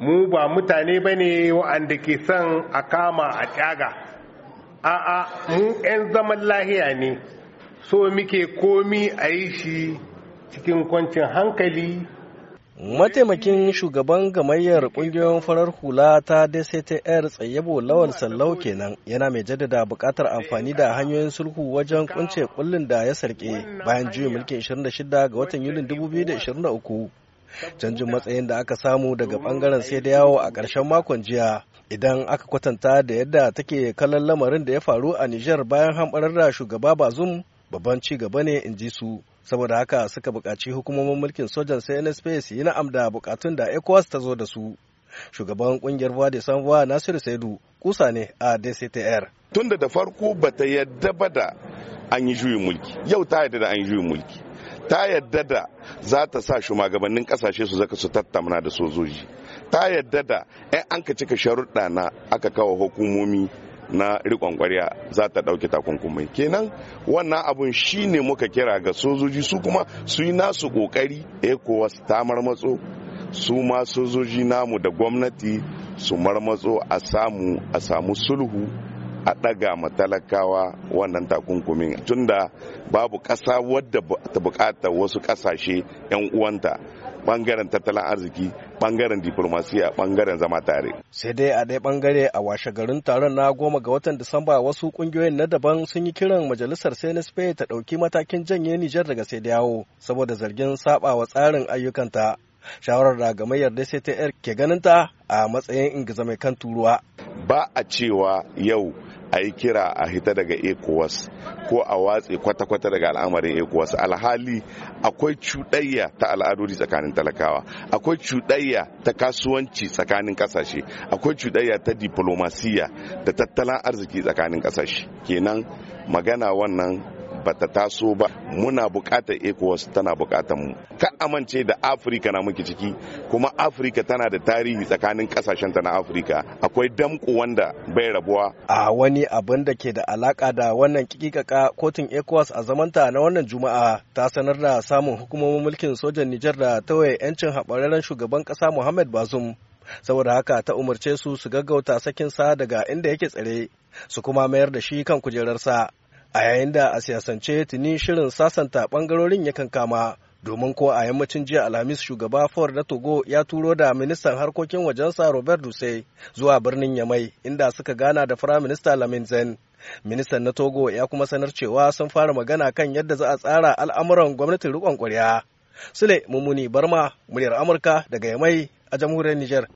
mu ba mutane ba ne wa'anda ke son a kama a kyaga a'a mu 'yan zaman lahiya ne so muke komi a yi shi cikin kwancin hankali mataimakin shugaban gamayyar kungiyoyin farar hula ta dctr tsayyabo lawal sallau kenan yana mai jaddada bukatar amfani da hanyoyin sulhu wajen kunce ƙullin da ya sarke bayan juyin mulkin 26 ga watan yulin 2023 canjin matsayin da aka samu daga bangaren sai da yawo a ƙarshen makon jiya idan aka kwatanta da yadda take kallon lamarin da ya faru a Nijar bayan hamɓarar da shugaba Bazum babban ci gaba ne in ji su saboda haka suka buƙaci hukumomin mulkin sojan CNSP Space yi na'am da buƙatun da ECOWAS ta zo da su. Shugaban ƙungiyar Voix de Nasiru Saidu kusa ne a DCTR. Tunda da farko bata yadda ba da an yi juyin mulki, yau ta yadda da an yi juyin mulki. ta yadda da za ta sa shugabannin kasashe su zaka su tattamna da sojoji ta yadda da 'yan an ka cika sharuɗa na aka kawo hukumomi na rikon kwarya za ta ɗauki takunkumai kenan wannan abun shi ne muka kira ga sojoji su kuma su yi nasu ƙoƙari ecowas ta marmatso su ma sojoji namu da gwamnati su marmatso a a samu sulhu a ɗaga ma talakawa wannan takunkumin tunda babu ƙasa wadda ta buƙata wasu ƙasashe 'yan uwanta ɓangaren tattalin arziki bangaren diplomasiya ɓangaren zama tare. Sai dai a ɗaya ɓangare a washe garin taron na goma ga watan Disamba wasu ƙungiyoyin na daban sun yi kiran majalisar Bay ta ɗauki matakin janye Nijar daga sai yawo saboda zargin saba wa tsarin ayyukanta. Shawarar da gamayyar yar ke ganinta a matsayin ingiza mai kan turuwa. Ba a cewa yau a yi kira a hita daga ecowas ko a watse kwata-kwata daga al'amarin ecowas alhali akwai cuɗayya ta al'adodi tsakanin talakawa akwai cuɗayya ta kasuwanci tsakanin ƙasashe akwai cuɗayya ta diplomasiya da tattalin arziki tsakanin ƙasashe kenan magana wannan bata taso ba muna bukatar ecowas tana bukatar mu ka amince da afirka na muke ciki kuma afirka tana da tarihi tsakanin kasashen ta na afirka akwai damku wanda bai rabuwa a wani abin da ke da alaka da wannan kikikaka kotun ecowas a zamanta na wannan juma'a ta sanar da samun hukumomin mulkin sojan nijar da tawaye 'yancin haɓararren shugaban ƙasa muhammad bazum saboda haka ta umarce su su gaggauta sa daga inda yake tsare su kuma mayar da shi kan kujerarsa a yayin da a siyasance tuni shirin sasanta bangarorin ya kankama domin ko a yammacin jiya alhamis shugaba ford na togo ya turo da ministan harkokin wajensa robert duse zuwa birnin yamai inda suka gana da firayim minista lamin zen ministan na togo ya kuma sanar cewa sun fara magana kan yadda za a tsara al'amuran gwamnatin riƙon ƙwarya sule mummuni barma muryar amurka daga yamai a jamhuriyar niger